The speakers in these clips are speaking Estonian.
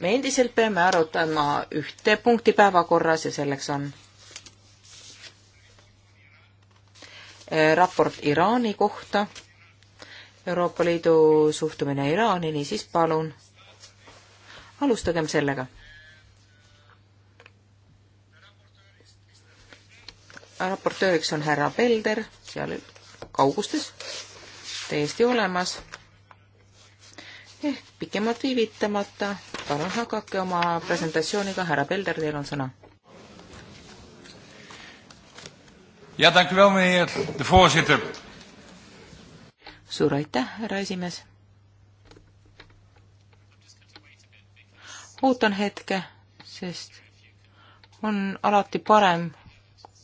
me endiselt peame arutama ühte punkti päevakorras ja selleks on äh, raport Iraani kohta, Euroopa Liidu suhtumine Iraani, niisiis palun alustagem sellega. raportööriks on härra Pelder seal kaugustes, täiesti olemas ehk pikemalt viivitamata, palun hakake oma presentatsiooniga, härra Pelder, teil on sõna. ja tänku veel, meie voorsitter. suur aitäh, härra esimees. ootan hetke, sest on alati parem,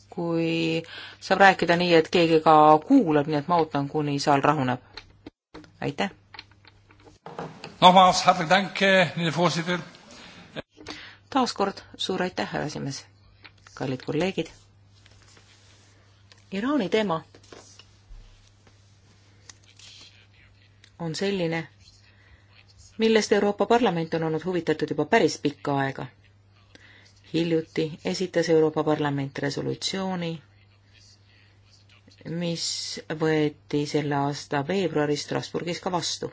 kui saab rääkida nii, et keegi ka kuulab, nii et ma ootan, kuni saal rahuneb. aitäh Nogmaals, hartelijk dank, eh, meneer voorzitter. taas kord suur aitäh, härra esimees. kallid kolleegid. Iraani teema on selline, millest Euroopa Parlament on olnud huvitatud juba päris pikka aega. hiljuti esitas Euroopa Parlament resolutsiooni, mis võeti selle aasta veebruaris Strasbourgis ka vastu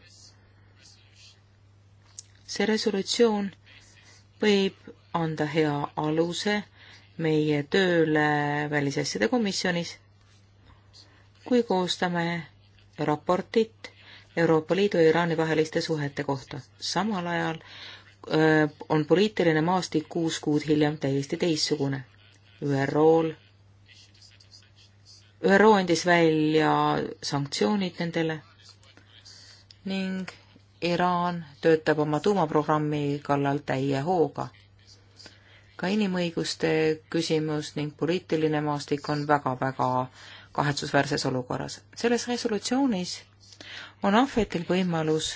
see resolutsioon võib anda hea aluse meie tööle Välisasjade komisjonis, kui koostame raportit Euroopa Liidu ja Iraani vaheliste suhete kohta. samal ajal öö, on poliitiline maastik kuus kuud hiljem täiesti teistsugune. ÜRO-l, ÜRO andis välja sanktsioonid nendele ning Iraan töötab oma tuumaprogrammi kallal täie hooga. ka inimõiguste küsimus ning poliitiline maastik on väga-väga kahetsusväärses olukorras. selles resolutsioonis on ahvetil võimalus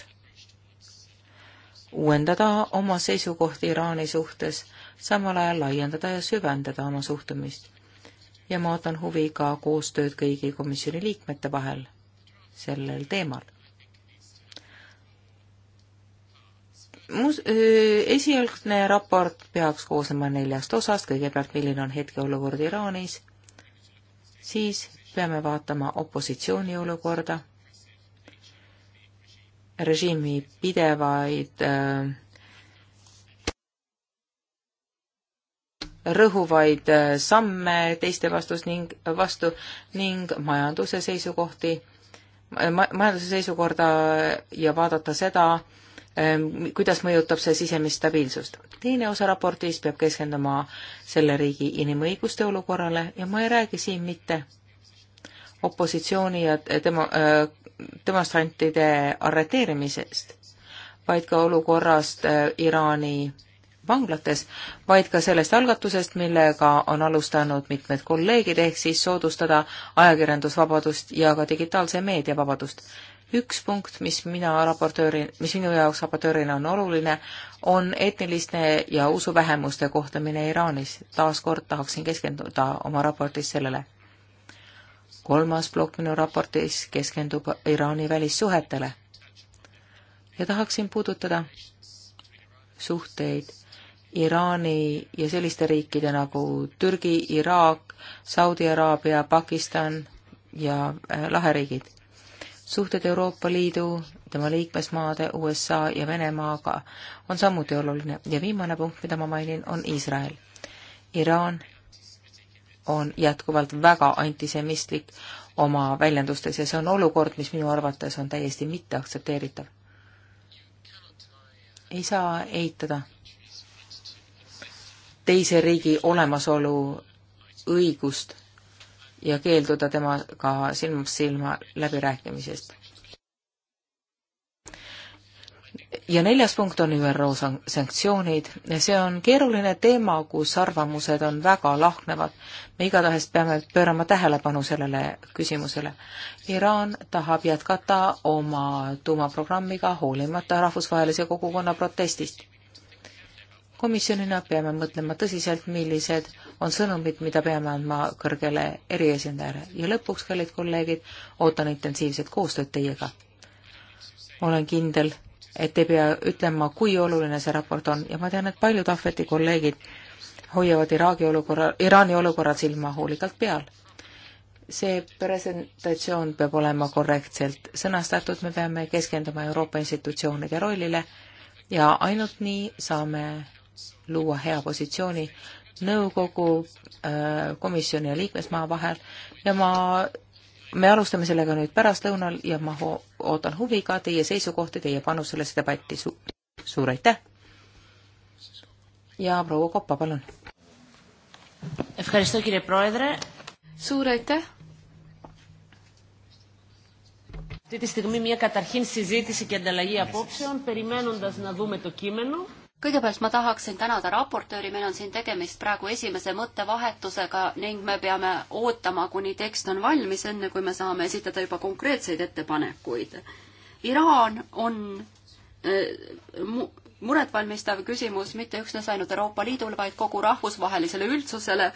uuendada oma seisukohti Iraani suhtes, samal ajal laiendada ja süvendada oma suhtumist. ja ma ootan huviga koostööd kõigi komisjoni liikmete vahel sellel teemal. mus-, esialgne raport peaks koosnema neljast osast, kõigepealt milline on hetkeolukord Iraanis, siis peame vaatama opositsiooni olukorda, režiimi pidevaid äh, rõhuvaid samme teiste vastus ning, vastu ning majanduse seisukohti ma,, majanduse seisukorda ja vaadata seda, Ehm, kuidas mõjutab see sisemist stabiilsust. teine osa raportis peab keskenduma selle riigi inimõiguste olukorrale ja ma ei räägi siin mitte opositsiooni ja demo-, ehm, demonstrantide arreteerimisest, vaid ka olukorrast ehm, Iraani vanglates, vaid ka sellest algatusest, millega on alustanud mitmed kolleegid, ehk siis soodustada ajakirjandusvabadust ja ka digitaalse meedia vabadust üks punkt, mis mina raportööri, mis minu jaoks raportöörina on oluline, on etniliste ja usuvähemuste kohtlemine Iraanis. taaskord tahaksin keskenduda oma raportis sellele. kolmas plokk minu raportis keskendub Iraani välissuhetele. ja tahaksin puudutada suhteid Iraani ja selliste riikide nagu Türgi, Iraak, Saudi Araabia, Pakistan ja äh, laheriigid suhted Euroopa Liidu, tema liikmesmaade, USA ja Venemaaga on samuti oluline ja viimane punkt, mida ma mainin, on Iisrael. Iraan on jätkuvalt väga antisemistlik oma väljendustes ja see on olukord, mis minu arvates on täiesti mitteaktsepteeritav. ei saa eitada teise riigi olemasolu õigust ja keelduda temaga silmast silma läbirääkimisest. ja neljas punkt on ÜRO sanktsioonid. see on keeruline teema, kus arvamused on väga lahknevad. me igatahes peame pöörama tähelepanu sellele küsimusele. Iraan tahab jätkata oma tuumaprogrammiga hoolimata rahvusvahelise kogukonna protestist komisjonina peame mõtlema tõsiselt, millised on sõnumid, mida peame andma kõrgele eriesindajale ja lõpuks, kallid kolleegid, ootan intensiivset koostööd teiega. olen kindel, et ei pea ütlema, kui oluline see raport on ja ma tean, et paljud Ahveti kolleegid hoiavad Iraagi olukorra, Iraani olukorra silma hoolikalt peal. see presentatsioon peab olema korrektselt sõnastatud, me peame keskenduma Euroopa institutsioonide rollile ja ainult nii saame luua hea positsiooni nõukogu, äh, komisjoni ja liikmesmaa vahel ja ma, me alustame sellega nüüd pärastlõunal ja ma ho ootan huviga teie seisukohti, teie panus sellesse debatti Su. suur aitäh! ja proua Koppa, palun! suur aitäh! Αυτή τη στιγμή μια καταρχήν συζήτηση και ανταλλαγή απόψεων, περιμένοντας να δούμε το κείμενο kõigepealt ma tahaksin tänada raportööri, meil on siin tegemist praegu esimese mõttevahetusega ning me peame ootama, kuni tekst on valmis, enne kui me saame esitada juba konkreetseid ettepanekuid. Iraan on äh, muretvalmistav küsimus mitte üksnes ainult Euroopa Liidul, vaid kogu rahvusvahelisele üldsusele.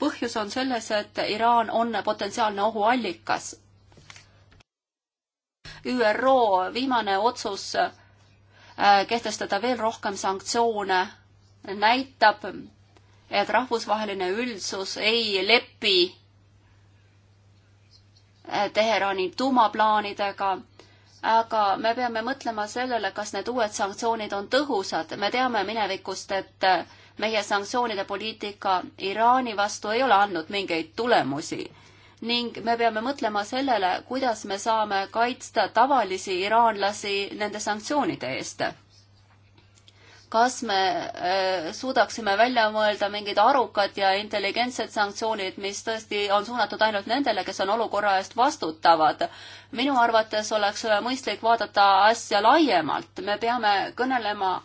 põhjus on selles, et Iraan on potentsiaalne ohuallikas. ÜRO viimane otsus Äh, kehtestada veel rohkem sanktsioone, näitab, et rahvusvaheline üldsus ei lepi äh, Teherani tuumaplaanidega, aga me peame mõtlema sellele, kas need uued sanktsioonid on tõhusad. me teame minevikust, et äh, meie sanktsioonide poliitika Iraani vastu ei ole andnud mingeid tulemusi ning me peame mõtlema sellele, kuidas me saame kaitsta tavalisi iraanlasi nende sanktsioonide eest. kas me äh, suudaksime välja mõelda mingid arukad ja intelligentsed sanktsioonid, mis tõesti on suunatud ainult nendele, kes on olukorra eest vastutavad? minu arvates oleks mõistlik vaadata asja laiemalt, me peame kõnelema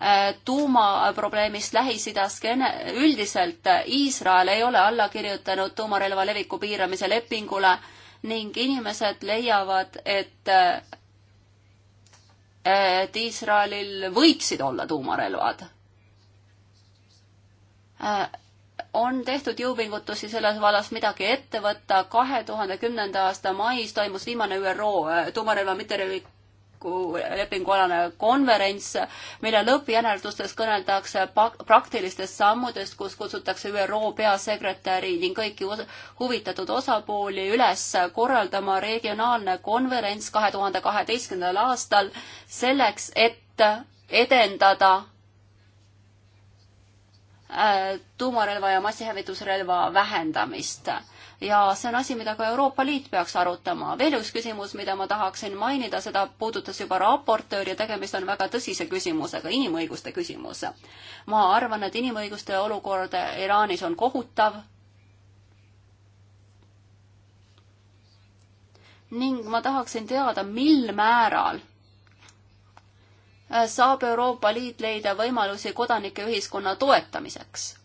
Äh, tuumaprobleemist Lähis-Idas üldiselt. Iisrael ei ole alla kirjutanud tuumarelva leviku piiramise lepingule ning inimesed leiavad, et et Iisraelil võiksid olla tuumarelvad. Äh, on tehtud jõupingutusi selles vallas midagi ette võtta. kahe tuhande kümnenda aasta mais toimus viimane ÜRO äh, tuumarelva mitterelvi-, lepingu, lepingualane konverents, mille lõppjäneldustes kõneldakse praktilistest sammudest, kus kutsutakse ÜRO peasekretäri ning kõiki huvitatud osapooli üles korraldama regionaalne konverents kahe tuhande kaheteistkümnendal aastal selleks, et edendada äh, tuumarelva ja massihävitusrelva vähendamist ja see on asi, mida ka Euroopa Liit peaks arutama. veel üks küsimus, mida ma tahaksin mainida, seda puudutas juba raportöör ja tegemist on väga tõsise küsimusega, inimõiguste küsimus. ma arvan, et inimõiguste olukord Iraanis on kohutav. ning ma tahaksin teada, mil määral saab Euroopa Liit leida võimalusi kodanike ühiskonna toetamiseks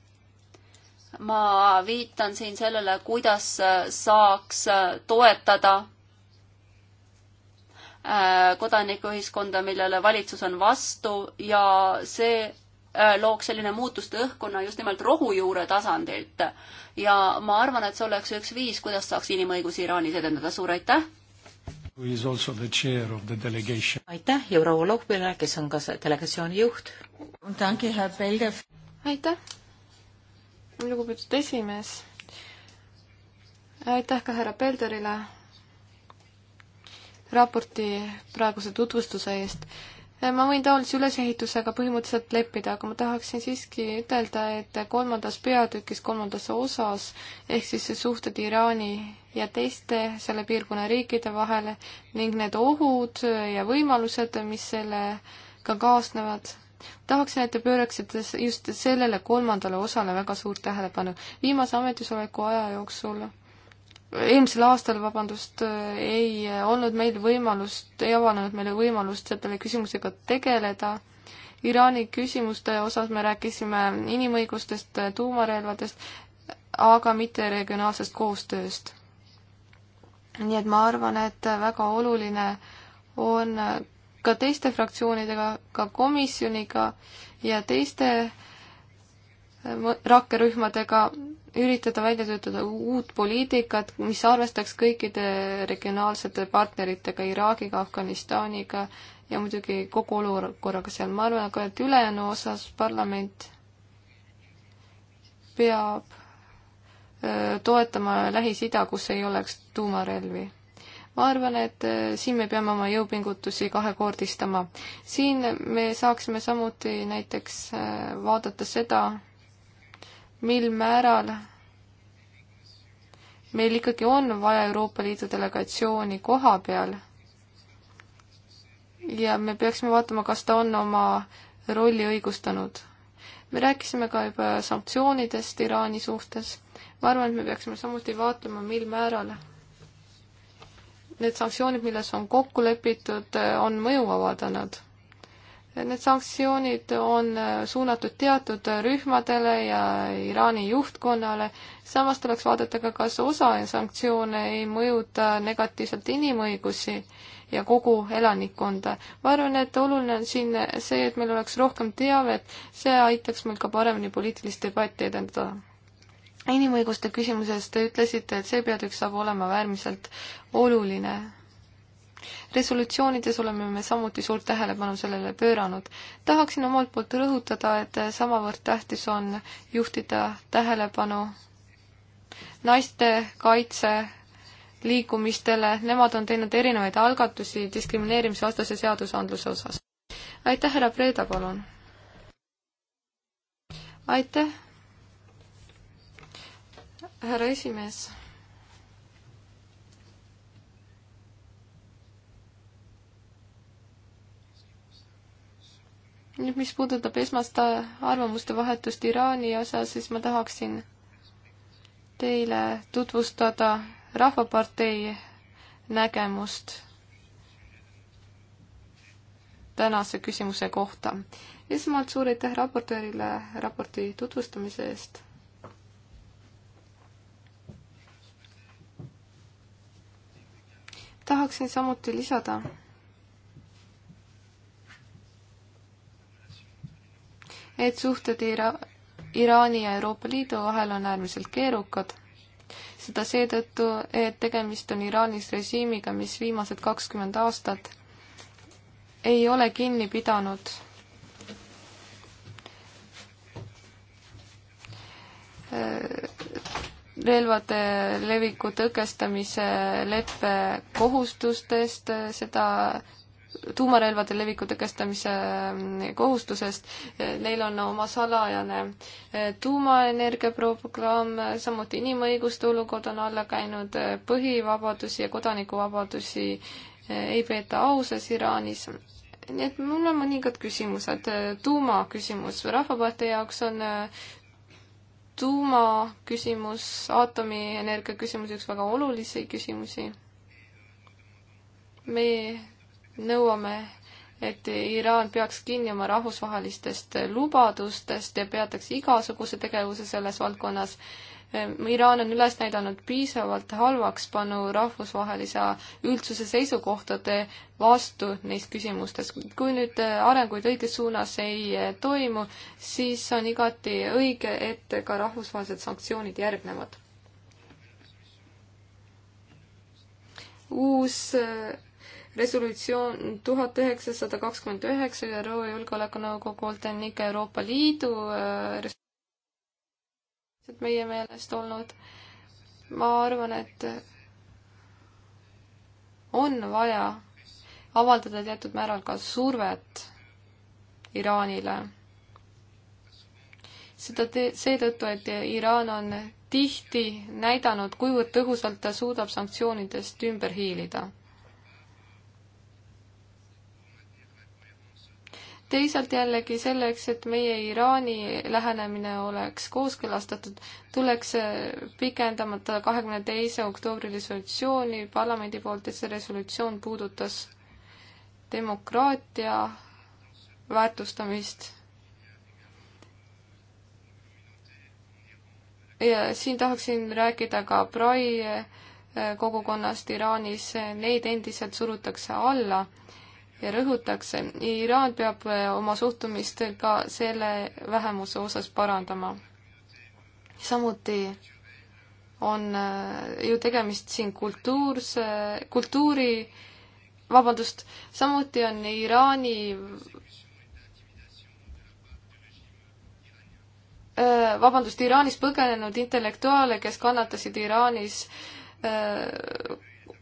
ma viitan siin sellele, kuidas saaks toetada äh, kodanikuühiskonda, millele valitsus on vastu ja see äh, looks selline muutuste õhkkonna just nimelt rohujuure tasandilt. ja ma arvan, et see oleks üks viis, kuidas saaks inimõigusi Iraanis edendada. suur aitäh! aitäh ja proua Lohvile, kes on ka delegatsiooni juht! aitäh! lugupeetud esimees. aitäh ka härra Pelderile raporti praeguse tutvustuse eest. ma võin taolise ülesehitusega põhimõtteliselt leppida, aga ma tahaksin siiski ütelda, et kolmandas peatükis, kolmandas osas, ehk siis suhted Iraani ja teiste selle piirkonna riikide vahel ning need ohud ja võimalused, mis sellega kaasnevad tahaksin, et te pööraksite just sellele kolmandale osale väga suurt tähelepanu. viimase ametisoleku aja jooksul, eelmisel aastal, vabandust, eh, ei olnud meil võimalust, ei avanenud meile võimalust selle küsimusega tegeleda. Iraani küsimuste osas me rääkisime inimõigustest, tuumarelvadest, aga mitte regionaalsest koostööst. nii et ma arvan, et väga oluline on ka teiste fraktsioonidega, ka komisjoniga ja teiste äh, rakkerühmadega üritada välja töötada uut poliitikat, mis arvestaks kõikide regionaalsete partneritega, Iraagiga, Afganistaniga ja muidugi kogu olukorraga seal. ma arvan aga, et ülejäänu osas parlament peab äh, toetama Lähis-Ida, kus ei oleks tuumarelvi ma arvan, et äh, siin me peame oma jõupingutusi kahekordistama. siin me saaksime samuti näiteks äh, vaadata seda, mil määral meil ikkagi on vaja Euroopa Liidu delegatsiooni koha peal. ja me peaksime vaatama, kas ta on oma rolli õigustanud. me rääkisime ka juba sanktsioonidest Iraani suhtes. ma arvan, et me peaksime samuti vaatlema, mil määral need sanktsioonid, milles on kokku lepitud, on mõju avaldanud. Need sanktsioonid on suunatud teatud rühmadele ja Iraani juhtkonnale, samas tuleks vaadata ka, kas osa sanktsioone ei mõjuta negatiivselt inimõigusi ja kogu elanikkonda. ma arvan, et oluline on siin see, et meil oleks rohkem teavet, see aitaks meil ka paremini poliitilist debatti edendada inimõiguste küsimuses te ütlesite, et see peatükk saab olema äärmiselt oluline. resolutsioonides oleme me samuti suurt tähelepanu sellele pööranud. tahaksin omalt poolt rõhutada, et samavõrd tähtis on juhtida tähelepanu naiste kaitse liikumistele, nemad on teinud erinevaid algatusi diskrimineerimisvastase seadusandluse osas. aitäh, härra Preeda, palun! aitäh! härra esimees. nüüd, mis puudutab esmast arvamuste vahetust Iraani osas, siis ma tahaksin teile tutvustada Rahvapartei nägemust tänase küsimuse kohta. esmalt suur aitäh raportöörile raporti tutvustamise eest tahaksin samuti lisada, et suhted Ira-, Iraani ja Euroopa Liidu vahel on äärmiselt keerukad. seda seetõttu, et tegemist on Iraanis režiimiga, mis viimased kakskümmend aastat ei ole kinni pidanud relvade leviku tõkestamise leppe kohustustest, seda tuumarelvade leviku tõkestamise mm, kohustusest. Neil on oma salajane e, tuumaenergia programm, samuti inimõiguste olukord on alla käinud, e, põhivabadusi ja kodanikuvabadusi e, ei peeta ausas Iraanis nii et mul on mõningad küsimused. tuumaküsimus. rahvapartei jaoks on tuumaküsimus, aatomienergia küsimus, üks väga olulisi küsimusi. me nõuame, et Iraan peaks kinni oma rahvusvahelistest lubadustest ja peataks igasuguse tegevuse selles valdkonnas Ehm, Iraan on üles näidanud piisavalt halvaks panu rahvusvahelise üldsuse seisukohtade vastu neis küsimustes. kui nüüd äh, arenguid õiges suunas ei äh, toimu, siis on igati õige, et ka rahvusvahelised sanktsioonid järgnevad. uus äh, resolutsioon tuhat üheksasada kakskümmend üheksa ÜRO Julgeolekunõukogult ning Euroopa Liidu sealt meie meelest olnud. ma arvan, et on vaja avaldada teatud määral ka survet Iraanile. seda te-, seetõttu, et Iraan on tihti näidanud, kuivõrd tõhusalt ta suudab sanktsioonidest ümber hiilida teisalt jällegi selleks, et meie Iraani lähenemine oleks kooskõlastatud, tuleks pikendamata kahekümne teise oktoobri resolutsiooni parlamendi poolt, et see resolutsioon puudutas demokraatia väärtustamist. ja siin tahaksin rääkida ka Prai kogukonnast Iraanis, neid endiselt surutakse alla ja rõhutakse, Iraan peab eh, oma suhtumist ka selle vähemuse osas parandama. samuti on eh, ju tegemist siin kultuurse, kultuuri, vabandust, samuti on Iraani eh, vabandust, Iraanis põgenenud intellektuaale, kes kannatasid Iraanis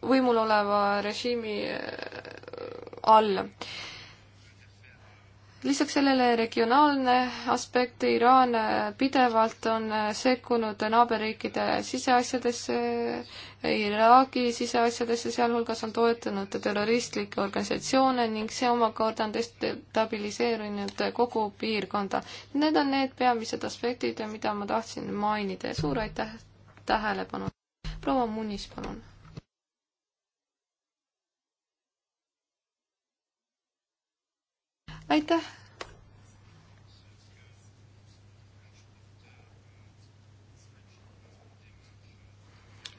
võimul oleva režiimi all. lisaks sellele regionaalne aspekt, Iraan pidevalt on sekkunud naaberriikide siseasjadesse, Iraagi siseasjadesse, sealhulgas on toetanud terroristlikke organisatsioone ning see omakorda on destabiliseerinud kogu piirkonda. Need on need peamised aspektid, mida ma tahtsin mainida ja suur aitäh tähelepanu. proua Munnis, palun aitäh!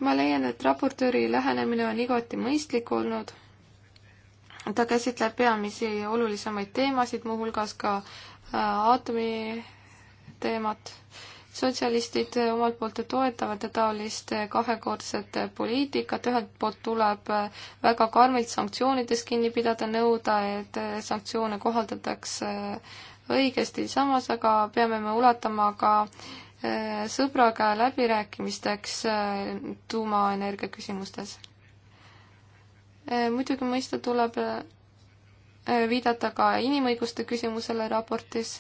ma leian, et raportööri lähenemine on igati mõistlik olnud. ta käsitleb peamisi olulisemaid teemasid, muuhulgas ka äh, aatomi teemat sotsialistid omalt poolt toetavad taolist kahekordset poliitikat, ühelt poolt tuleb väga karmilt sanktsioonidest kinni pidada, nõuda, et sanktsioone kohaldatakse õigesti, samas aga peame me ulatama ka äh, sõbraga läbirääkimisteks äh, tuumaenergia küsimustes. Äh, muidugi mõista tuleb viidata ka inimõiguste küsimusele raportis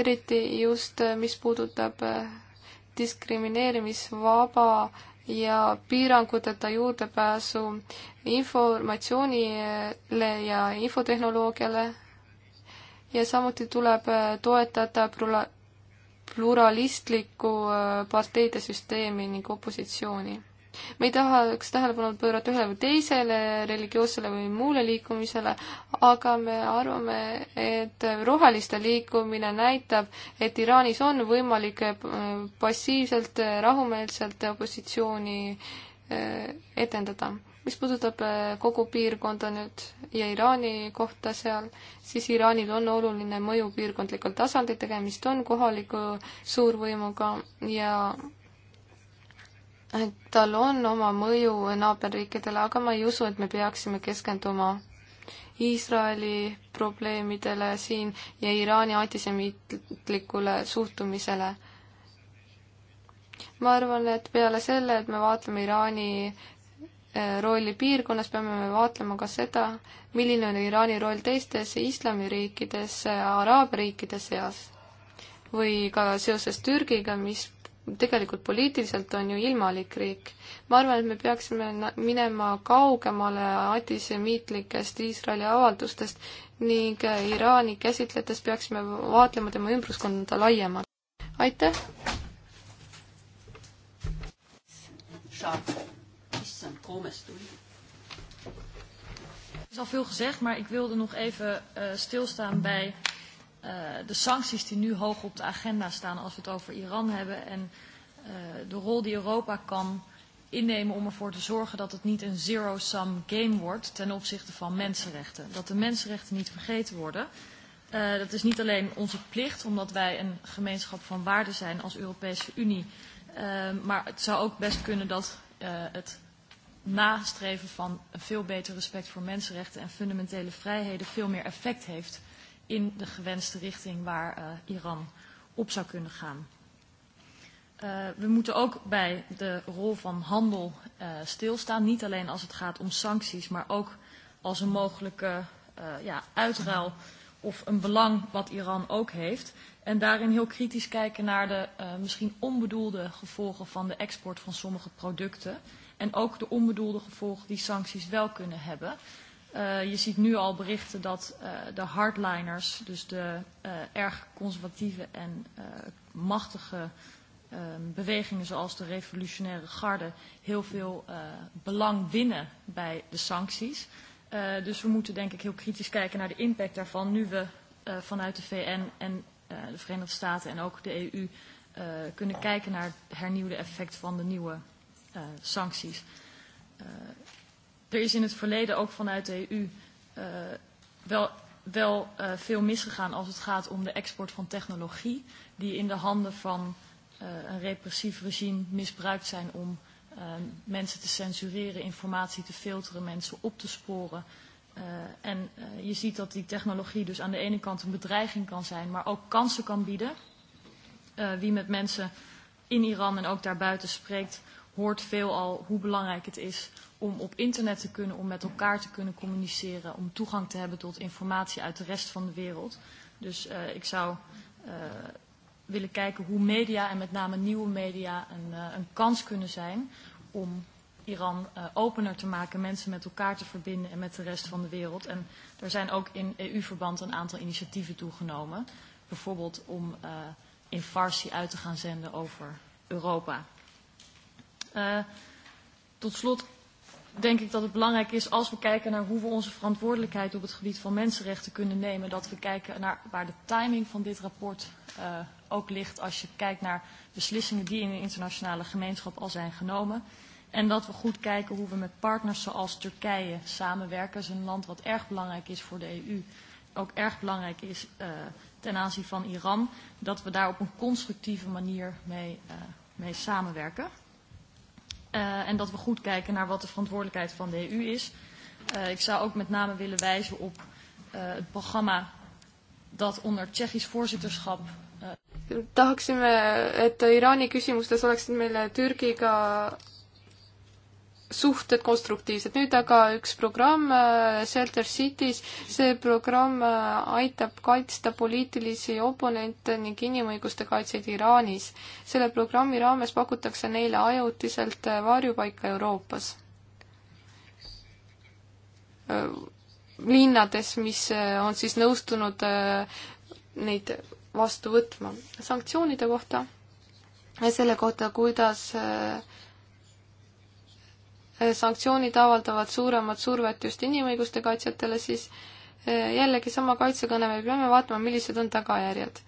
eriti just, äh, mis puudutab äh, diskrimineerimisvaba ja piiranguteta juurdepääsu informatsioonile ja infotehnoloogiale ja samuti tuleb äh, toetada pluralistlikku parteide süsteemi ning opositsiooni me ei tahaks tähelepanu pöörata ühele või teisele religioossele või muule liikumisele, aga me arvame, et roheliste liikumine näitab, et Iraanis on võimalik äh, passiivselt, äh, rahumeelselt opositsiooni äh, etendada. mis puudutab kogu piirkonda nüüd ja Iraani kohta seal, siis Iraanil on oluline mõju piirkondlikul tasandil, tegemist on kohaliku suurvõimuga ja et tal on oma mõju naaberriikidele, aga ma ei usu, et me peaksime keskenduma Iisraeli probleemidele siin ja Iraani antisemiitlikule suhtumisele. ma arvan, et peale selle, et me vaatleme Iraani eh, rolli piirkonnas, peame me vaatlema ka seda, milline on Iraani roll teistes islamiriikides, araabia riikide seas või ka seoses Türgiga, mis tegelikult poliitiliselt on ju ilmalik riik. ma arvan, et me peaksime minema kaugemale antisemiitlikest Iisraeli avaldustest ning äh, Iraani käsitledes peaksime vaatlema tema ümbruskonda laiemalt. aitäh! issand, koomest tuli. Er is al veel gezegd, maar ik wilde nog even uh, stilstaan bij uh, de sancties die nu hoog op de agenda staan als we het over Iran hebben en uh, de rol die Europa kan innemen om ervoor te zorgen dat het niet een zero-sum game wordt ten opzichte van mensenrechten. Dat de mensenrechten niet vergeten worden. Uh, dat is niet alleen onze plicht, omdat wij een gemeenschap van waarden zijn als Europese Unie. Uh, maar het zou ook best kunnen dat uh, het nastreven van een veel beter respect voor mensenrechten en fundamentele vrijheden veel meer effect heeft in de gewenste richting waar uh, Iran op zou kunnen gaan. Uh, we moeten ook bij de rol van handel uh, stilstaan. Niet alleen als het gaat om sancties, maar ook als een mogelijke uh, ja, uitruil of een belang wat Iran ook heeft. En daarin heel kritisch kijken naar de uh, misschien onbedoelde gevolgen van de export van sommige producten. En ook de onbedoelde gevolgen die sancties wel kunnen hebben. Uh, je ziet nu al berichten dat uh, de hardliners, dus de uh, erg conservatieve en uh, machtige uh, bewegingen zoals de revolutionaire garde, heel veel uh, belang winnen bij de sancties. Uh, dus we moeten denk ik heel kritisch kijken naar de impact daarvan nu we uh, vanuit de VN en uh, de Verenigde Staten en ook de EU uh, kunnen kijken naar het hernieuwde effect van de nieuwe uh, sancties. Uh, er is in het verleden ook vanuit de EU uh, eh, wel, wel uh, veel misgegaan als het gaat om de export van technologie, die in de handen van uh, een repressief regime misbruikt zijn om uh, mensen te censureren, informatie te filteren, mensen op te sporen. Uh, en uh, je ziet dat die technologie dus aan de ene kant een bedreiging kan zijn, maar ook kansen kan bieden. Uh, wie met mensen in Iran en ook daarbuiten spreekt hoort veelal hoe belangrijk het is om op internet te kunnen, om met elkaar te kunnen communiceren, om toegang te hebben tot informatie uit de rest van de wereld. Dus uh, ik zou uh, willen kijken hoe media en met name nieuwe media een, uh, een kans kunnen zijn om Iran uh, opener te maken, mensen met elkaar te verbinden en met de rest van de wereld. En er zijn ook in EU-verband een aantal initiatieven toegenomen. Bijvoorbeeld om uh, in Farsi uit te gaan zenden over Europa. Uh, tot slot denk ik dat het belangrijk is als we kijken naar hoe we onze verantwoordelijkheid op het gebied van mensenrechten kunnen nemen, dat we kijken naar waar de timing van dit rapport uh, ook ligt als je kijkt naar beslissingen die in de internationale gemeenschap al zijn genomen. En dat we goed kijken hoe we met partners zoals Turkije samenwerken. Dat is een land wat erg belangrijk is voor de EU. Ook erg belangrijk is uh, ten aanzien van Iran. Dat we daar op een constructieve manier mee, uh, mee samenwerken. Uh, en dat we goed kijken naar wat de verantwoordelijkheid van de EU is. Uh, ik zou ook met name willen wijzen op uh, het programma dat onder Tsjechisch voorzitterschap. Uh... tahaksime, et Iraani küsimustes oleksid meile Türgiga suhted konstruktiivsed. nüüd aga üks programm äh, Shelter Cities, see programm äh, aitab kaitsta poliitilisi oponente ning inimõiguste kaitsjaid Iraanis. selle programmi raames pakutakse neile ajutiselt äh, varjupaika Euroopas. linnades, mis on siis nõustunud neid vastu võtma. sanktsioonide kohta ja selle kohta, kuidas äh, sanktsioonid avaldavad suuremat survet just inimõiguste kaitsjatele, siis eh, jällegi sama kaitsekõne, me peame vaatama, millised on tagajärjed.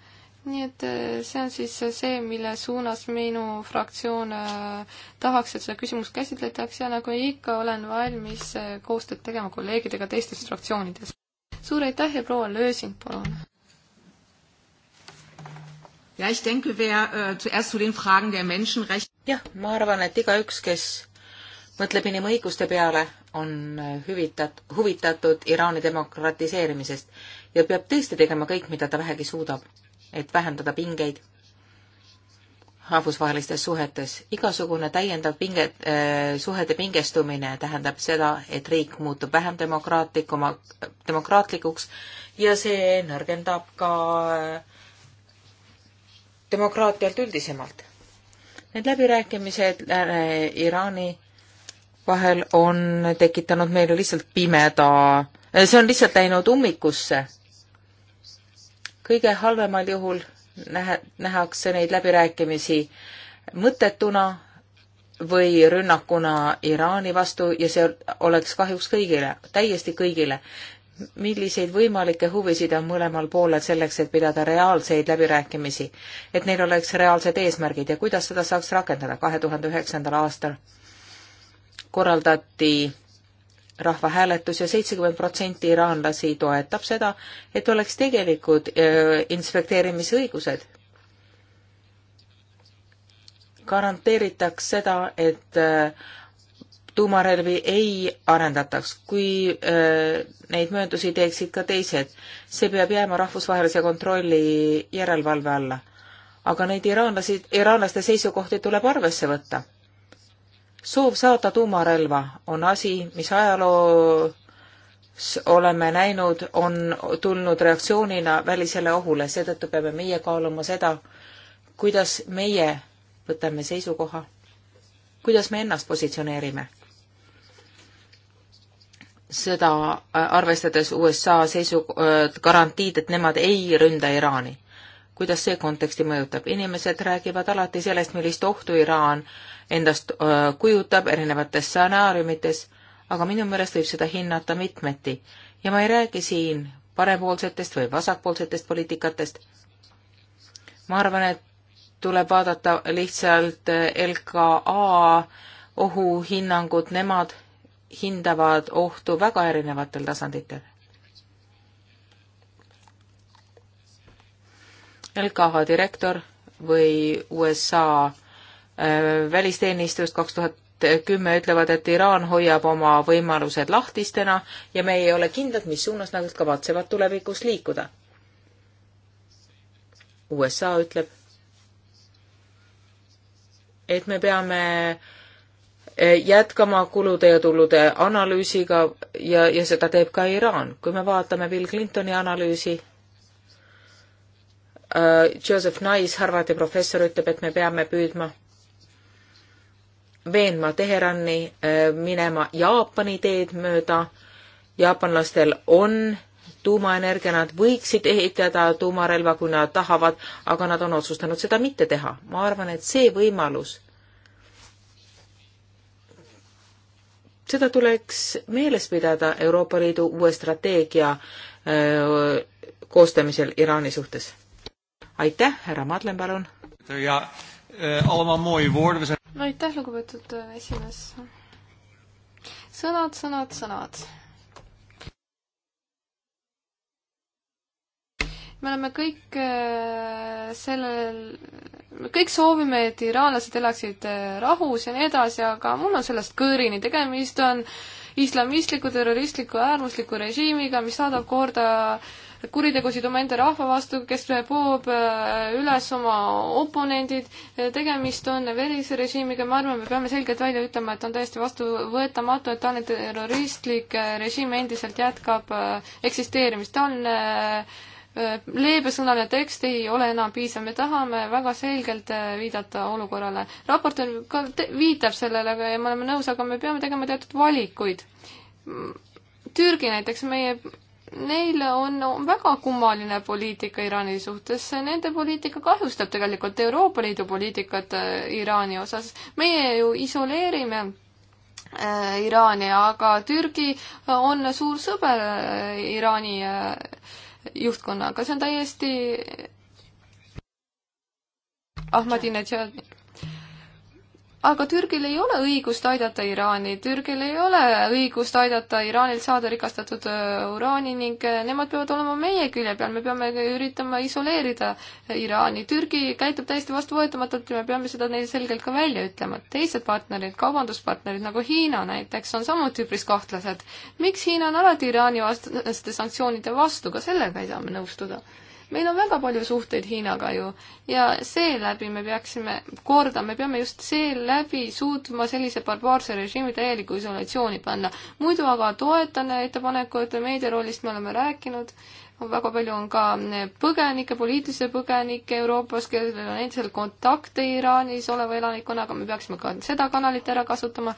nii et eh, see on siis see, mille suunas minu fraktsioon eh, tahaks, et seda küsimust käsitletaks ja nagu ikka, olen valmis koostööd tegema kolleegidega teistest fraktsioonidest. suur aitäh ja proua Lösing, palun! Ja, ich denke, wer äh, zuerst zu den Fragen der Menschenrechte. Ja, ma arvan, et igaüks, kes mõtleb inimõiguste peale, on hüvitat-, huvitatud Iraani demokratiseerimisest ja peab tõesti tegema kõik, mida ta vähegi suudab, et vähendada pingeid rahvusvahelistes suhetes. igasugune täiendav pinge äh,, suhete pingestumine tähendab seda, et riik muutub vähem demokraatlikuma, demokraatlikuks ja see nõrgendab ka äh, demokraatiat üldisemalt. Need läbirääkimised Lääne-Iraani äh, vahel on tekitanud meile lihtsalt pimeda, see on lihtsalt läinud ummikusse. kõige halvemal juhul nähe, nähakse neid läbirääkimisi mõttetuna või rünnakuna Iraani vastu ja see oleks kahjuks kõigile, täiesti kõigile. milliseid võimalikke huvisid on mõlemal poolel selleks, et pidada reaalseid läbirääkimisi, et neil oleks reaalsed eesmärgid ja kuidas seda saaks rakendada kahe tuhande üheksandal aastal? korraldati rahvahääletus ja seitsekümmend protsenti iraanlasi toetab seda, et oleks tegelikud äh, inspekteerimisõigused. garanteeritaks seda, et äh, tuumarelvi ei arendataks, kui äh, neid mööndusi teeksid ka teised. see peab jääma rahvusvahelise kontrolli järelevalve alla. aga neid iraanlasi, iraanlaste seisukohti tuleb arvesse võtta soov saada tuumarelva on asi, mis ajaloos oleme näinud, on tulnud reaktsioonina välisele ohule, seetõttu peame meie kaaluma seda, kuidas meie võtame seisukoha, kuidas me ennast positsioneerime. seda arvestades USA seisu-, garantiid, et nemad ei ründa Iraani kuidas see konteksti mõjutab. inimesed räägivad alati sellest, millist ohtu Iraan endast kujutab erinevates stsenaariumites, aga minu meelest võib seda hinnata mitmeti. ja ma ei räägi siin parempoolsetest või vasakpoolsetest poliitikatest. ma arvan, et tuleb vaadata lihtsalt LKA ohuhinnangut, nemad hindavad ohtu väga erinevatel tasanditel LKH direktor või USA äh, välisteenistust kaks tuhat kümme ütlevad, et Iraan hoiab oma võimalused lahtistena ja me ei ole kindlad, mis suunas nad kavatsevad tulevikus liikuda. USA ütleb, et me peame äh, jätkama kulude ja tulude analüüsiga ja, ja seda teeb ka Iraan. kui me vaatame Bill Clintoni analüüsi Äh, Joseph Nais, Harvardi professor, ütleb, et me peame püüdma veenma Teherani äh, minema Jaapani teed mööda. jaapanlastel on tuumaenergia, nad võiksid ehitada tuumarelva, kui nad tahavad, aga nad on otsustanud seda mitte teha. ma arvan, et see võimalus, seda tuleks meeles pidada Euroopa Liidu uue strateegia öö, äh, koostamisel Iraani suhtes aitäh, härra Madlen, palun. ja eh, allemaal mooie woorden. no aitäh, lugupeetud eh, esimees. sõnad, sõnad, sõnad. me oleme kõik eh, sellel, kõik soovime, et iraanlased elaksid rahus ja nii edasi, aga mul on sellest kõõrini, tegemist on islamistliku terroristliku äärmusliku režiimiga, mis saadab korda äh, kuritegusid omaenda rahva vastu, kes poob äh, üles oma oponendid. Äh, tegemist on verise režiimiga, ma arvan, me peame selgelt välja ütlema, et on täiesti vastuvõetamatu, et taoline terroristlik äh, režiim endiselt jätkab eksisteerimist. taoline leebesõnaline tekst ei ole enam piisav, me tahame väga selgelt viidata olukorrale. raport on ka, viitab sellele ja me oleme nõus, aga me peame tegema teatud valikuid. Türgi näiteks, meie neil on väga kummaline poliitika Iraani suhtes, nende poliitika kahjustab tegelikult Euroopa Liidu poliitikat äh, Iraani osas. meie ju isoleerime äh, Iraani, aga Türgi äh, on suur sõber Iraani juhtkonnaga, see on täiesti Ahmadinejad aga Türgil ei ole õigust aidata Iraani, Türgil ei ole õigust aidata Iraanil saada rikastatud äh, uraani ning äh, nemad peavad olema meie külje peal, me peame üritama isoleerida äh, Iraani. Türgi käitub täiesti vastuvõetamatult ja me peame seda neile selgelt ka välja ütlema. teised partnerid, kaubanduspartnerid nagu Hiina näiteks on samuti üpris kahtlased. miks Hiina on alati Iraani vastaste sanktsioonide vastu, ka sellega ei saa me nõustuda meil on väga palju suhteid Hiinaga ju ja seeläbi me peaksime, kordan, me peame just seeläbi suutma sellise barbaarse režiimi täielikku isolatsiooni panna. muidu aga toetan ettepanekut, meedia rollist me oleme rääkinud väga palju on ka eh, põgenikke, poliitilisi põgenikke Euroopas, kellel on endiselt kontakte Iraanis oleva elanikkonnaga, me peaksime ka seda kanalit ära kasutama.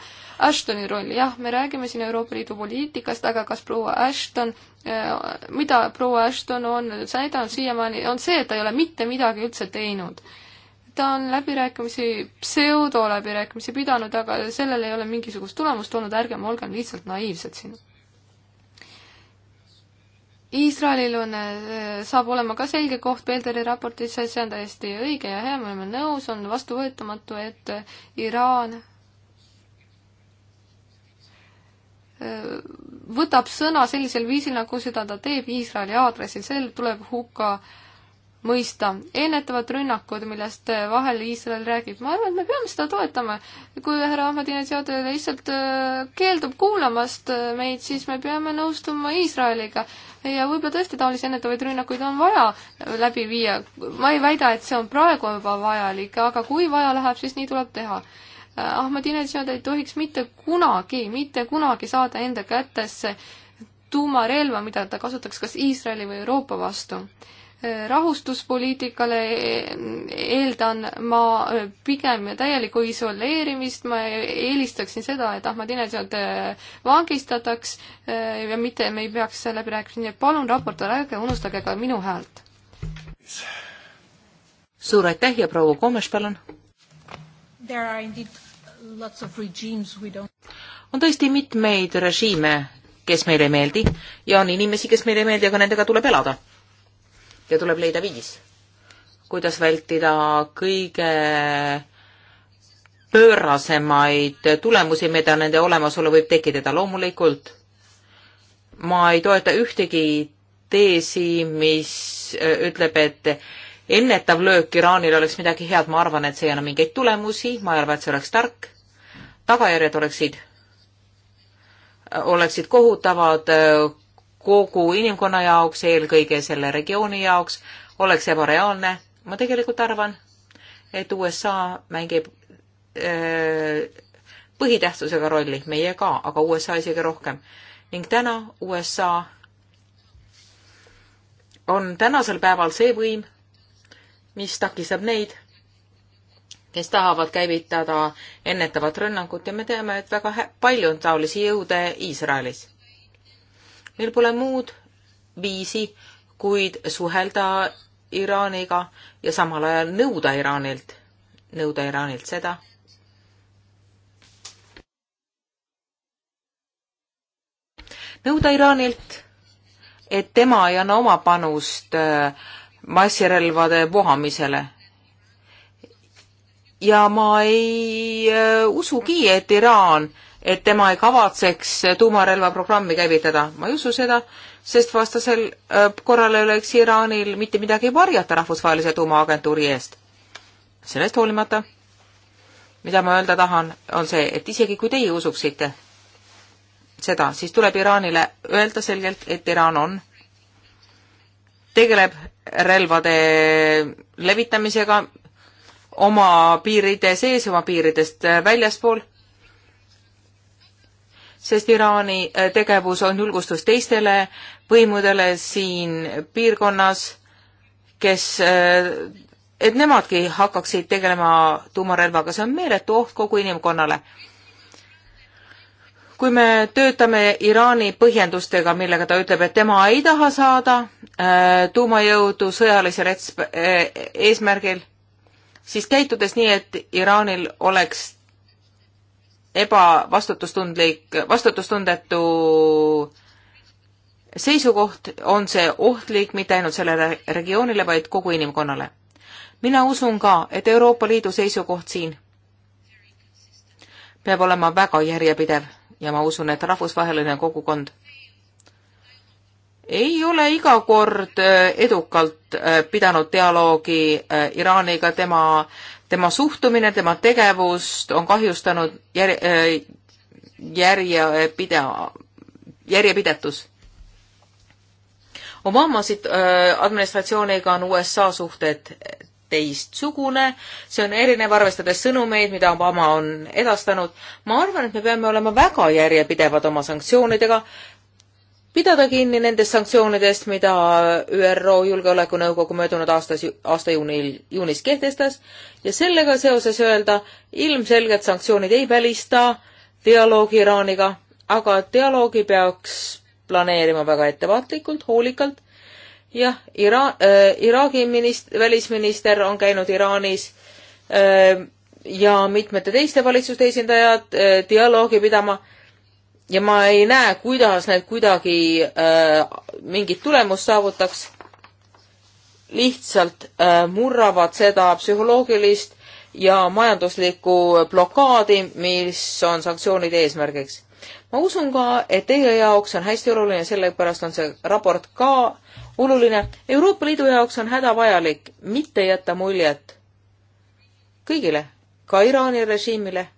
Ashtoni roll, jah, me räägime siin Euroopa Liidu poliitikast, aga kas proua Ashton, eh, mida proua Ashton on näidanud siiamaani, on see, et ta ei ole mitte midagi üldse teinud ta on läbirääkimisi, pseudoläbirääkimisi pidanud, aga sellel ei ole mingisugust tulemust olnud, ärgem olgem lihtsalt naiivsed siin Iisraelil on, äh, saab olema ka selge koht Pelderi raportis, see on täiesti õige ja hea, me oleme nõus, on vastuvõetamatu, et äh, Iraan äh, võtab sõna sellisel viisil, nagu seda ta teeb Iisraeli aadressil, see tuleb hukka äh, mõista. ennetavad rünnakud, millest äh, vahel Iisrael räägib, ma arvan, et me peame seda toetama. kui härra Ahmadinejad lihtsalt äh, keeldub kuulamast äh, meid, siis me peame nõustuma Iisraeliga. ja võib-olla tõesti taolisi ennetavaid rünnakuid on vaja läbi viia. ma ei väida, et see on praegu juba vajalik, aga kui vaja läheb, siis nii tuleb teha Ahmadinejad ei tohiks mitte kunagi, mitte kunagi saada enda kätesse tuumarelva, mida ta kasutaks kas Iisraeli või Euroopa vastu rahustuspoliitikale eeldan ma pigem täielikku isoleerimist, ma eelistaksin seda, et Ahmadinejad äh, vangistataks äh, ja mitte me ei peaks läbi rääkima, nii et palun raportöör, ärge unustage ka minu häält. suur aitäh ja proua Komes, palun. on tõesti mitmeid režiime, kes meile ei meeldi ja on inimesi, kes meile ei meeldi, aga nendega tuleb elada ja tuleb leida viis, kuidas vältida kõige pöörasemaid tulemusi, mida nende olemasolu võib tekitada. loomulikult ma ei toeta ühtegi teesi, mis äh, ütleb, et ennetav löök Iraanil oleks midagi head, ma arvan, et see ei anna mingeid tulemusi, ma ei arva, et see oleks tark. tagajärjed oleksid, äh, oleksid kohutavad äh, kogu inimkonna jaoks, eelkõige selle regiooni jaoks, oleks ebareaalne. ma tegelikult arvan, et USA mängib öö, äh, põhitähtsusega rolli, meie ka, aga USA isegi rohkem. ning täna USA on tänasel päeval see võim, mis takistab neid, kes tahavad käivitada ennetavat rünnakut ja me teame, et väga palju on taolisi jõude Iisraelis meil pole muud viisi, kuid suhelda Iraaniga ja samal ajal nõuda Iraanilt, nõuda Iraanilt seda, nõuda Iraanilt, et tema ei anna oma panust äh, massirelvade vohamisele. ja ma ei äh, usugi, et Iraan äh, et tema ei kavatseks tuumarelvaprogrammi käivitada. ma ei usu seda, sest vastasel äh, korral ei oleks Iraanil mitte midagi varjata rahvusvahelise tuumaagentuuri eest. sellest hoolimata, mida ma öelda tahan, on see, et isegi kui teie usuksite seda, siis tuleb Iraanile öelda selgelt, et Iraan on, tegeleb relvade levitamisega oma piiride sees, oma piiridest äh, väljaspool sest Iraani äh, tegevus on julgustus teistele võimudele siin piirkonnas, kes, äh, et nemadki hakkaksid tegelema tuumarelvaga, see on meeletu oht kogu inimkonnale. kui me töötame Iraani põhjendustega, millega ta ütleb, et tema ei taha saada äh, tuumajõudu sõjalisel eesmärgil, siis käitudes nii, et Iraanil oleks ebavastutustundlik, vastutustundetu seisukoht on see ohtlik mitte ainult sellele regioonile, vaid kogu inimkonnale. mina usun ka, et Euroopa Liidu seisukoht siin peab olema väga järjepidev ja ma usun, et rahvusvaheline kogukond ei ole iga kord äh, edukalt äh, pidanud dialoogi äh, Iraaniga, tema tema suhtumine, tema tegevust on kahjustanud jär, äh, järjepideva, järjepidetus. Obamasid äh, administratsiooniga on USA suhted teistsugune, see on erinev, arvestades sõnumeid, mida Obama on edastanud. ma arvan, et me peame olema väga järjepidevad oma sanktsioonidega, pidada kinni nendest sanktsioonidest, mida ÜRO Julgeolekunõukogu möödunud aastas, aasta juunil, juunis kehtestas ja sellega seoses öelda, ilmselgelt sanktsioonid ei välista dialoogi Iraaniga, aga dialoogi peaks planeerima väga ettevaatlikult, hoolikalt. jah, Ira- äh,, Iraagi minist-, välisminister on käinud Iraanis äh, ja mitmete teiste valitsuste esindajad äh, dialoogi pidama äh, ja ma ei näe, kuidas need kuidagi äh, mingit tulemust saavutaks. lihtsalt äh, murravad seda psühholoogilist ja majanduslikku blokaadi, mis on sanktsioonide eesmärgiks. ma usun ka, et teie jaoks on hästi oluline, sellepärast on see raport ka oluline. Euroopa Liidu jaoks on hädavajalik mitte jätta muljet kõigile, ka Iraani režiimile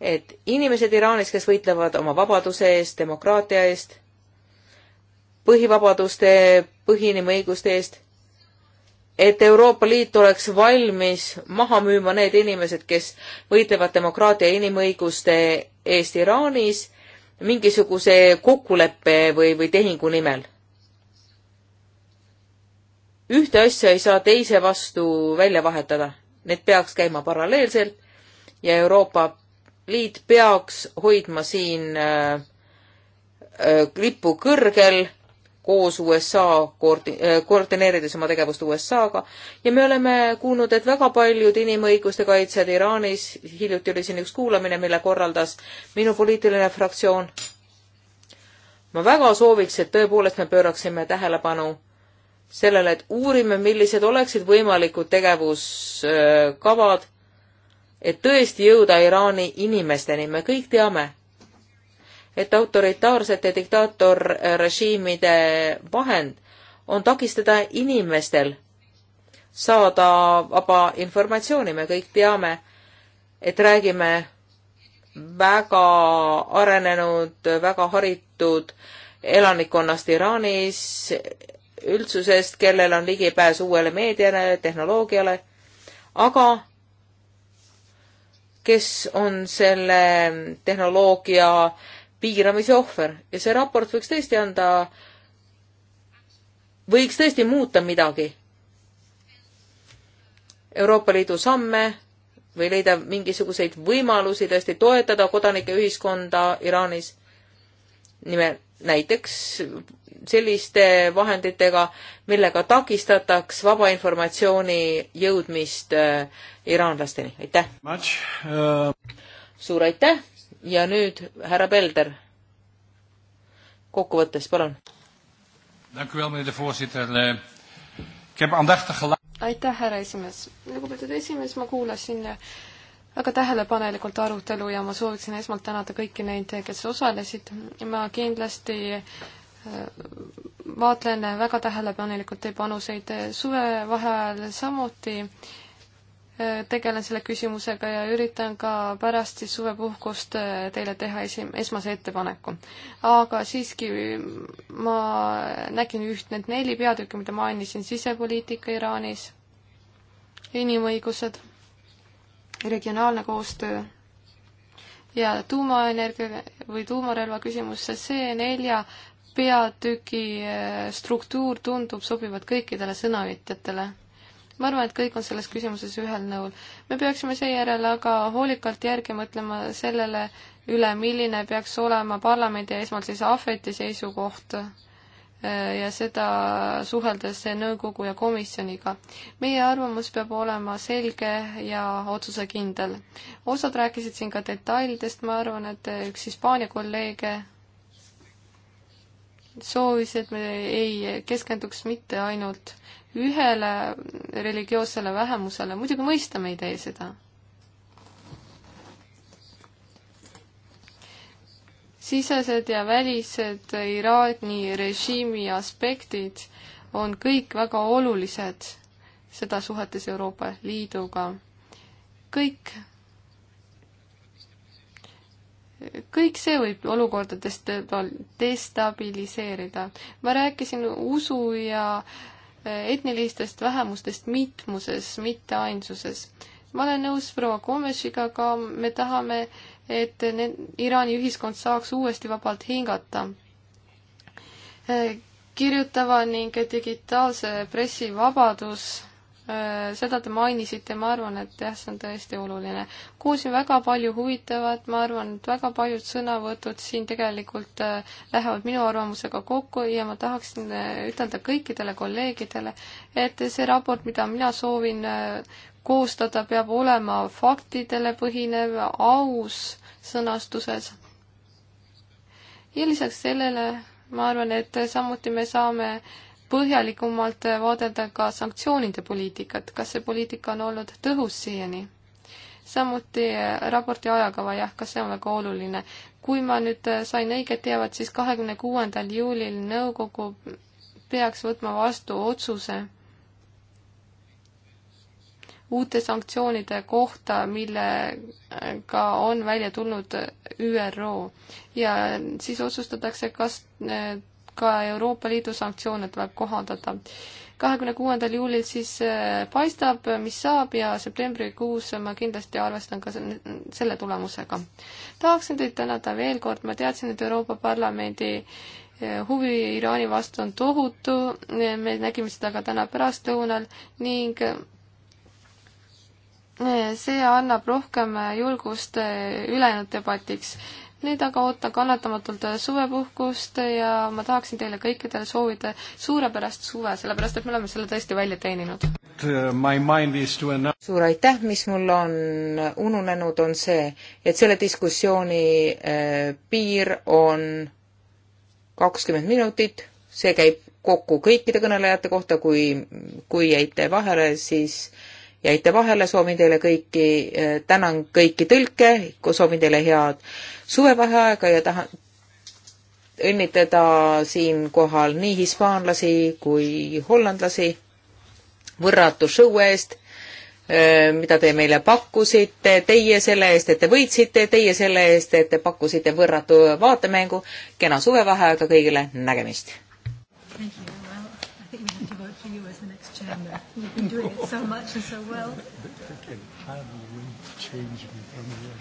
et inimesed Iraanis, kes võitlevad oma vabaduse eest, demokraatia eest, põhivabaduste, põhiinimõiguste eest, et Euroopa Liit oleks valmis maha müüma need inimesed, kes võitlevad demokraatia ja inimõiguste eest Iraanis mingisuguse kokkuleppe või, või tehingu nimel. ühte asja ei saa teise vastu välja vahetada, need peaks käima paralleelselt ja Euroopa liit peaks hoidma siin äh, äh, lipu kõrgel koos USA koordi-, äh, koordineerides oma tegevust USA-ga ja me oleme kuulnud, et väga paljud inimõiguste kaitsjad Iraanis, hiljuti oli siin üks kuulamine, mille korraldas minu poliitiline fraktsioon. ma väga sooviks, et tõepoolest me pööraksime tähelepanu sellele, et uurime, millised oleksid võimalikud tegevuskavad et tõesti jõuda Iraani inimesteni, me kõik teame, et autoritaarsete diktaatorrežiimide vahend on takistada inimestel saada vaba informatsiooni, me kõik teame, et räägime väga arenenud, väga haritud elanikkonnast Iraanis, üldsusest, kellel on ligipääs uuele meediale, tehnoloogiale, aga kes on selle tehnoloogia piiramise ohver ja see raport võiks tõesti anda, võiks tõesti muuta midagi. Euroopa Liidu samme või leida mingisuguseid võimalusi tõesti toetada kodanike ühiskonda Iraanis nime, näiteks selliste vahenditega, millega takistataks vaba informatsiooni jõudmist äh, iraanlasteni. aitäh! Uh... suur aitäh ja nüüd härra Pelder, kokkuvõttes, palun. Eh, aitäh, härra esimees. lugupeetud esimees, ma kuulasin eh, väga tähelepanelikult arutelu ja ma sooviksin esmalt tänada kõiki neid, kes osalesid. ma kindlasti äh, vaatlen väga tähelepanelikult teie panuseid suvevaheajal samuti äh, tegelen selle küsimusega ja üritan ka pärast siis suvepuhkust äh, teile teha esi-, esmase ettepaneku. aga siiski mm, ma nägin üht need neli peatükki, mida mainisin, sisepoliitika Iraanis, inimõigused regionaalne koostöö ja tuumaenergia või tuumarelva küsimus, sest see nelja peatüki äh, struktuur tundub sobivat kõikidele sõnavõtjatele. ma arvan, et kõik on selles küsimuses ühel nõul. me peaksime seejärel aga hoolikalt järgi mõtlema sellele üle, milline peaks olema parlamendi ja esmalt siis ahveti seisukoht Äh, ja seda suheldes nõukogu ja komisjoniga. meie arvamus peab olema selge ja otsusekindel. osad rääkisid siin ka detailidest, ma arvan, et üks Hispaania kolleege soovis, et me ei keskenduks mitte ainult ühele religioossele vähemusele, muidugi mõistame idee seda sisesed ja välised Iraani režiimi aspektid on kõik väga olulised, seda suhetes Euroopa Liiduga. kõik, kõik see võib olukorda destabiliseerida. ma rääkisin usu ja eh, etnilistest vähemustest mitmuses, mitte ainsuses. ma olen nõus proua Komešiga, aga me tahame äh, et Iraani ühiskond saaks uuesti vabalt hingata. Eh, kirjutava ning digitaalse pressi vabadus, eh, seda te mainisite, ma arvan, et jah, see on tõesti oluline. kuulsin väga palju huvitavat, ma arvan, et väga paljud sõnavõtud siin tegelikult eh, lähevad minu arvamusega kokku ja ma tahaksin ütelda kõikidele kolleegidele, et see raport, mida mina soovin koostada, peab olema faktidele põhinev, aus sõnastuses. ja lisaks sellele ma arvan, et samuti me saame põhjalikumalt vaadelda ka sanktsioonide poliitikat, kas see poliitika on olnud tõhus siiani. samuti eh, raporti ajakava, jah, ka see on väga oluline. kui ma nüüd eh, sain õiget teavet, siis kahekümne kuuendal juulil nõukogu peaks võtma vastu otsuse uute sanktsioonide kohta, millega on välja tulnud ÜRO. ja siis otsustatakse, kas eh, ka Euroopa Liidu sanktsioone tuleb kohandada. kahekümne kuuendal juulil siis eh, paistab, mis saab ja septembrikuus ma kindlasti arvestan ka selle tulemusega. tahaksin teid tänada veel kord, ma teadsin, et Euroopa Parlamendi eh, huvi Iraani vastu on tohutu, me nägime seda ka täna pärastlõunal ning see annab rohkem julgust ülejäänud debatiks. nüüd aga ootan kannatamatult suvepuhkust ja ma tahaksin teile kõikidele soovida suurepärast suve, sellepärast et me oleme selle tõesti välja teeninud. suur aitäh, mis mul on ununenud, on see, et selle diskussiooni äh, piir on kakskümmend minutit, see käib kokku kõikide kõnelejate kohta, kui, kui jäite vahele, siis äh, jäite vahele, soovin teile kõiki, eh, tänan kõiki tõlke, soovin teile head suvevaheaega ja tahan õnnitleda siinkohal nii hispaanlasi kui hollandlasi võrratu show eest, eh, mida te meile pakkusite, teie selle eest, et te võitsite, teie selle eest, et te pakkusite võrratu vaatemängu. kena suvevaheaega kõigile, nägemist! Thank you. You've been doing it so much and so well. They can hardly wait to change me from here.